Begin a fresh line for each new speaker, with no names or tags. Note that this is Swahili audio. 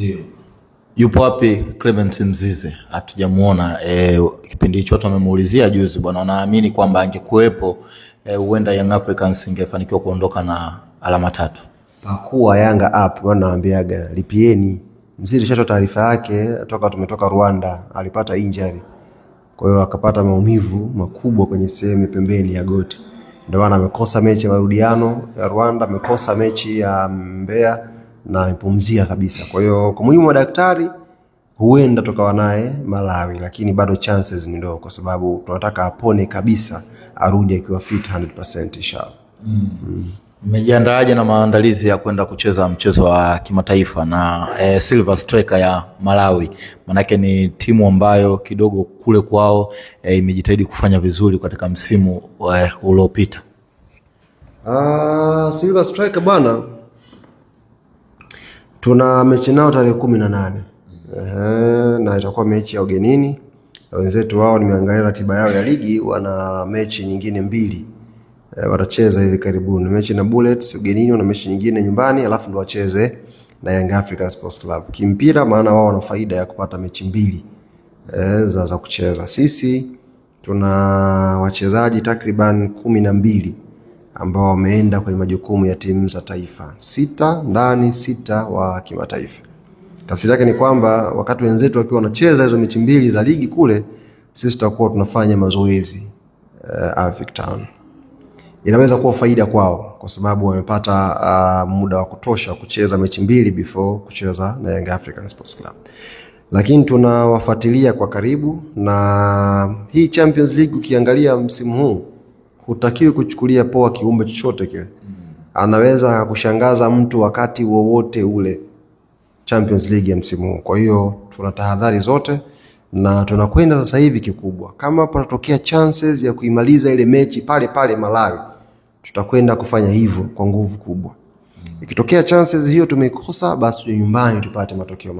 Ndio. Yupo wapi Clement Mzize? Hatujamuona e, kipindi hicho watu wamemuulizia juzi bwana, wanaamini kwamba angekuwepo eh, huenda e, Young Africans ingefanikiwa kuondoka na alama tatu.
Pakua Yanga up bwana naambiaga lipieni. Mzize shato taarifa yake toka tumetoka Rwanda, alipata injury. Kwa hiyo akapata maumivu makubwa kwenye sehemu pembeni ya goti. Ndio maana amekosa mechi ya marudiano ya Rwanda, amekosa mechi ya Mbeya na amepumzika kabisa. Kwa hiyo kwa mujibu wa daktari, huenda tukawa naye Malawi, lakini bado chances ni ndogo, kwa sababu tunataka apone kabisa, arudi akiwa fit 100% inshallah.
Mm. Mmejiandaaje mm. mm. na maandalizi ya kwenda kucheza mchezo wa kimataifa na eh, Silver Striker ya Malawi? Manake ni timu ambayo kidogo kule kwao eh, imejitahidi kufanya vizuri katika msimu eh, uliopita.
Uh, Silver Striker bana Tuna mechi nao tarehe kumi na nane na itakuwa mechi ya ugenini wenzetu wao. Nimeangalia ratiba yao ya ligi, wana mechi nyingine mbili e, watacheza hivi karibuni mechi na Bullets ugenini, wana mechi nyingine nyumbani, alafu ndo wacheze na Young African Sports Club kimpira, maana wao wana faida ya kupata mechi mbili e, za, za kucheza. Sisi tuna wachezaji takriban kumi na mbili ambao wameenda kwenye majukumu ya timu za taifa, sita ndani, sita wa kimataifa. Tafsiri yake ni kwamba wakati wenzetu wakiwa wanacheza hizo mechi mbili za ligi kule, sisi tutakuwa tunafanya mazoezi uh, eh, Africa Town. Inaweza kuwa faida kwao kwa sababu wamepata uh, muda wa kutosha kucheza mechi mbili before kucheza na Young African Sports Club, lakini tunawafuatilia kwa karibu, na hii Champions League ukiangalia msimu huu hutakiwi kuchukulia poa kiumbe chochote kile. Anaweza kushangaza mtu wakati wowote ule, Champions League ya msimu huu. Kwa hiyo tuna tahadhari zote na tunakwenda sasa hivi. Kikubwa kama patatokea chances ya kuimaliza ile mechi pale pale Malawi, tutakwenda kufanya hivyo kwa nguvu kubwa. Ikitokea chances hiyo tumeikosa, basi tuje nyumbani tupate matokeo.